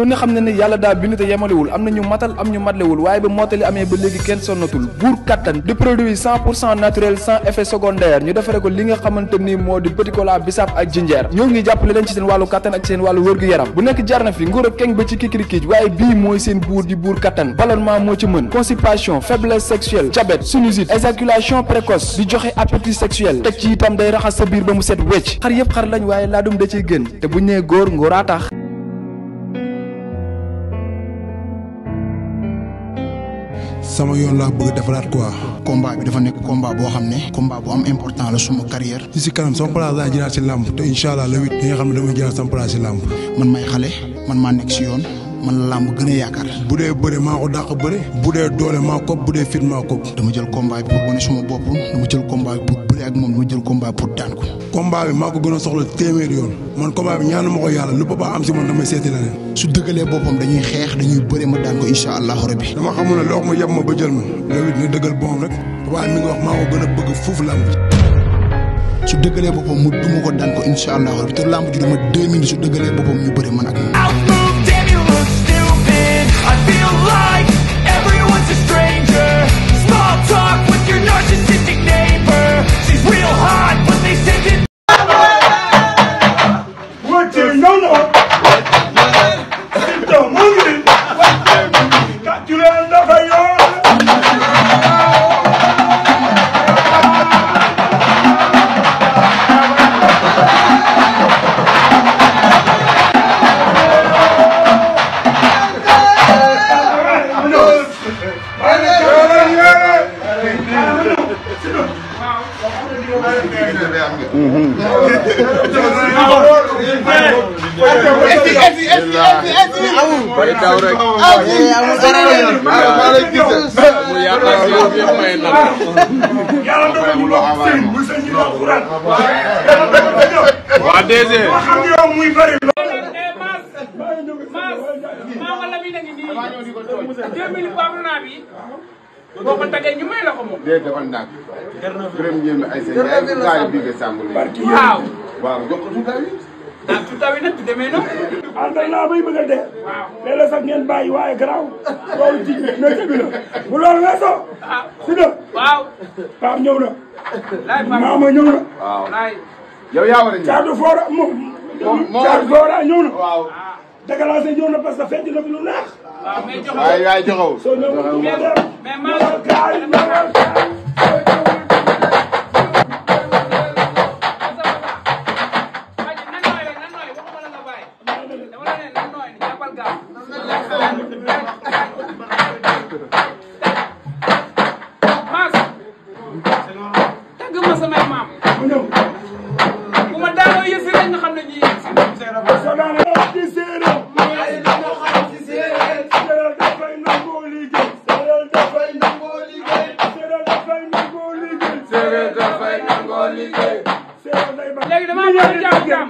ku ne xam ne ne yàlla daal bind te yemalewul am na ñu matal am ñu matlewul waaye ba mottali amee ba léegi kenn sonnatul buur kattan di produit naturel sans effet secondaire ñu defare ko li nga xamante ni moo di petit cola bisaab ak jinjeer ñoo ngi jàppale leen ci seen wàllu kattan ak seen wàllu wërgu-yaram bu nekk jarna fi nguur a keng ba ci kikirikiij waaye bii mooy seen buur di buur kattan ballonnement moo ci mën constipation faiblesse sexuelle diabète ba mu set wecc xar sama yoon laa bëgg defaraat quoi. combat bi dafa nekk combat boo xam ne. combat bu am important la suma carrière. ci si kanam sama place laa jëlaat ci làmb te incha allah le huit nga xam ne dama jëlaat sama place ci làmb. man may xale man maa nekk si yoon. man la làmb gën a yaakaar bu dee bëre maa ko dàq bëre bu dee doole maa ko bu dee fit maa ko dama jël combat bi pour wane suma bopp dama jël combat pour bëre moom dama jël combat pour daan ko combat bi maa ko a soxla téeméer yoon man combat bi ñaanu ma ko yàlla lu papa am si man damay seeti leneen su dëggalee boppam dañuy xeex dañuy bëre ma daan ko incha allahu rabbi dama xamul ne loox ma yem ma ba jël ma loolu dina dëggal boppam rek a bëgg foofu làmb su dëggalee boppam mu duma ko daan ko incha te làmb ju dama deux minutes su dëggalee boppam ñu bëri man ak real high waa DG. boo ko tàggee ñu may la ko moom. léegi dafa ndànk. gërëm ñeent ay sa yaay gaari bii nga sàmm waaw waaw jox ko tuuti ah tout à fait nag du demee noonu. ah tey naa bay bëgg a dee. waaw léeg-léeg sax ngeen la. bu loolu weesoo. ah si de. na. laay Pape maama na. waaw laay. yow a ñëw caatu foora moom. moom moo caatu foora na. waaw. déclenché ñëw na parce que fekk na fi lu neex. waaw mais joxewul waay waay joxewul. soo ñëwul maa léegi damaa war a jàpp jàmm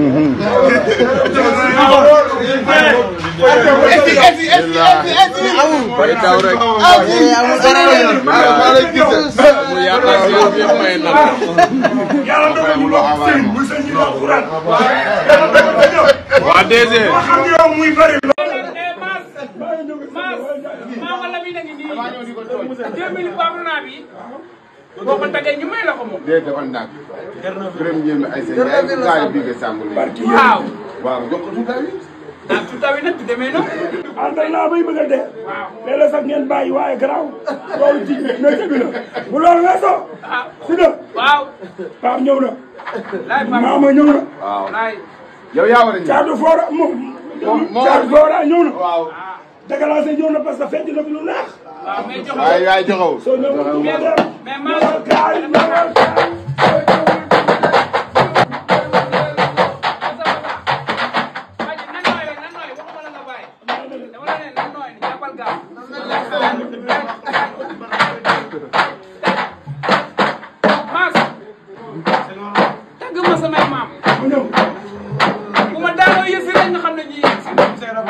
bay daw rek. mu yaakaar si yow yëpp may na. waa DG. maa wala bi boo ko tagee ñu may la ko moom. gërëm ñëw na ay sa yaay bu gaari bi nga sàmm leen waaw waaw jox ko tuutaay wi ah tuutaay wi nag du demee noonu àndal ah, naa bay bëgg a dee léeg-léeg sax ngeen bàyyi waaye garaaw loolu ci métier bi la bu loolu nga so ah. si da waaw Pape ñëw na maama ñëw na waaw yow yaa war a ñëw caatu foora moom caatu foora ñëw na waaw déclenché ñëw na parce que fekk na fi lu neex waaw mais joxewul waaye yaay joxewul soo ñëwul mais mais maa